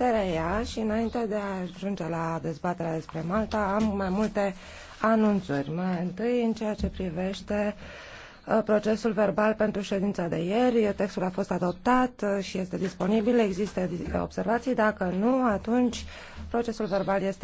se și înainte de a ajunge la dezbaterea despre Malta am mai multe anunțuri. Mai întâi în ceea ce privește uh, procesul verbal pentru ședința de ieri. Textul a fost adoptat uh, și este disponibil. Există uh, observații? Dacă nu, atunci procesul verbal este